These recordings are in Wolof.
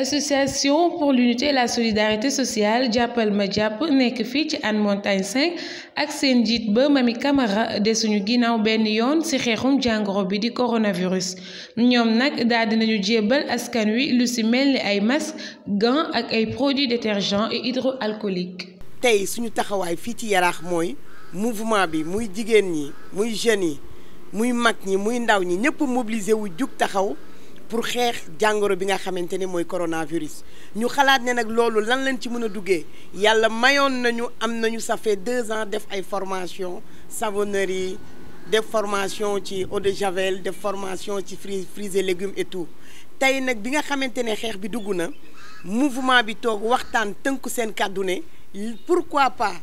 association pour l'unité et la solidarité sociale Diapel ma jàpp nekk ci Montagne 5 ak sen njiit ba Mamy Camara de suñu ginnaaw benn yoon ci xexum jangoro bi di coronavirus ñom nak daal dinañu jébal askan wi lu ci mel ay masque gants ak ay produits détergents et hydroalcooliques. tay suñu taxaway fi ci yarax moy mouvement bi muy jigen ñi muy jeunes yi muy mag ñi muy ndaw ñi ñëpp mobiliser wu juk taxaw pour xeex jangoro bi nga xamante moy coronavirus ñu xalaat ne nak loolu lan lañ ci mëna duggé yalla mayon nañu am nañu ça fait 2 ans def ay formation savonnerie des formations ci eau de javel def formations ci friser légumes et tout tay nak bi nga xamante ne xeex bi dugg mouvement bi tok waxtaan teunku sen kàddu ne pourquoi pas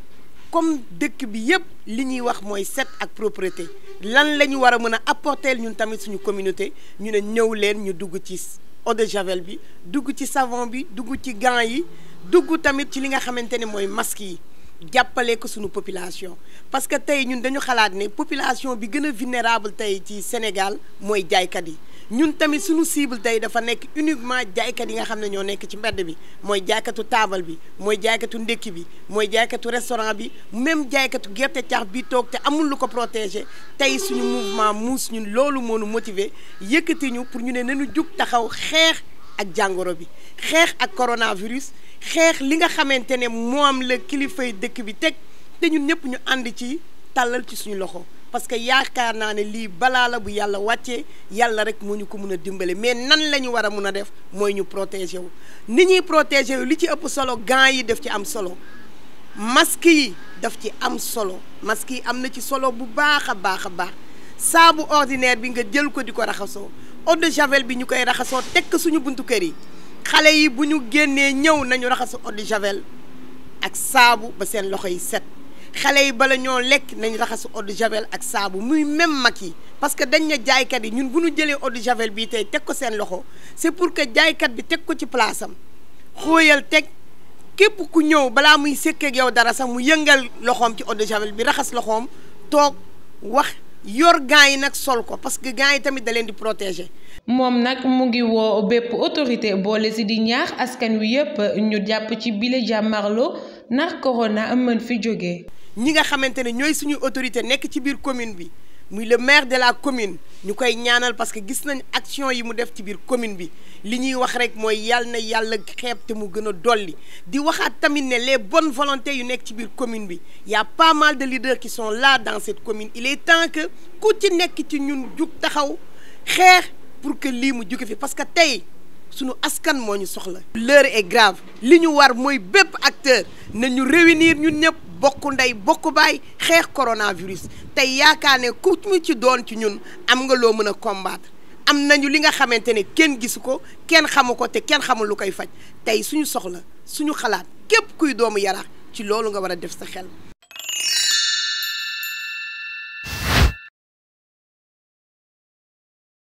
comme dëkk bi yépp li ñuy wax mooy set ak propreté lan lañu ñu war a mën a apporter ñun tamit suñu communauté ñu ne ñëw leen ñu dugg ci eau de javel bi dugg ci savon bi dugg ci gants yi dugg tamit ci li nga xamante ne mooy masque yi jàppale ko suñu population parce que tey ñun dañu xalaat ne population bi gën a vulnérable tey ci Sénégal mooy jaaykat yi ñun tamit suñu cible tey dafa nekk uniquement jaaykat yi nga xam ne ñoo nekk ci mbedd bi mooy jaaykatu taabal bi mooy jaaykatu ndékki bi mooy jaaykatu restaurant bi même jaaykatu gerte cax bi toog te amul lu ko protéger tey suñu mouvement muus ñun loolu moo nu motiver yëkkati ñu pour ñu ne nañu jug taxaw xeex ak jàngoro bi xeex ak coronavirus xeex li nga xamante ne moo moom la kilifay dëkk bi teg te ñun ñëpp ñu ànd ci tàllal ci suñu loxo. parce que yaakaar naa ne lii balaa la bu yàlla wàccee yàlla rek moo ñu ko mun a dimbale mais nan la ñu war a mun a def mooy ñu protéger wu ni ñuy protéger li ci ëpp solo gants yi def ci am solo maski yi ci am solo masque am na ci solo bu baax a baax a baax saabu ordinaire bi nga jël ko di ko raxasoo eau bi ñu koy raxasoo tekk suñu buntu kër yi xale yi bu ñu génnee ñëw nañu raxasu eau ak saabu ba seen loxo yi set xale yi bala ñoo lekk nañu raxasu eau de javel ak saabu muy même mag yi parce que dañ ne jaaykat yi ñun bu ñu jëlee eau de javel bii tey teg ko seen loxo c'est pour que jaaykat bi teg ko ci place am xóoyal teg képp ku ñëw balaa muy sekkeeg yow dara sax mu yëngal loxoom ci eau de javel bi raxas loxoom toog wax yor gants yi nag sol ko parce que gants yi tamit da leen di protéger. moom nag mu ngi woo bépp autorité boole si di ñaax askan wi yépp ñu jàpp ci bile jàmmarloo ndax corona mën fi jógee. ñi nga ne autorité commune bi le maire de la commune ñu ñaanal parce que gis nañ action yi mu def ci biir commune bi li ñuy wax rek mooy yàlla na yàlla xeeb mu di les bonnes commune bi y a pas mal de leaders qui sont là dans cette commune il est temps que ku ci nekk ci ñun pour que mu parce que askan l'heure est grave li war mooy acteur na réunir ñun bokk ndey bokk baay xeex coronavirus tey yaakaar ne ku mu ci doon ci ñun am nga loo mën a combattre am nañu li nga xamante ne kenn gisu ko kenn xamu ko te kenn xamul lu koy faj tey suñu soxla suñu xalaat képp kuy doomu yaraax ci loolu nga war a def sa xel.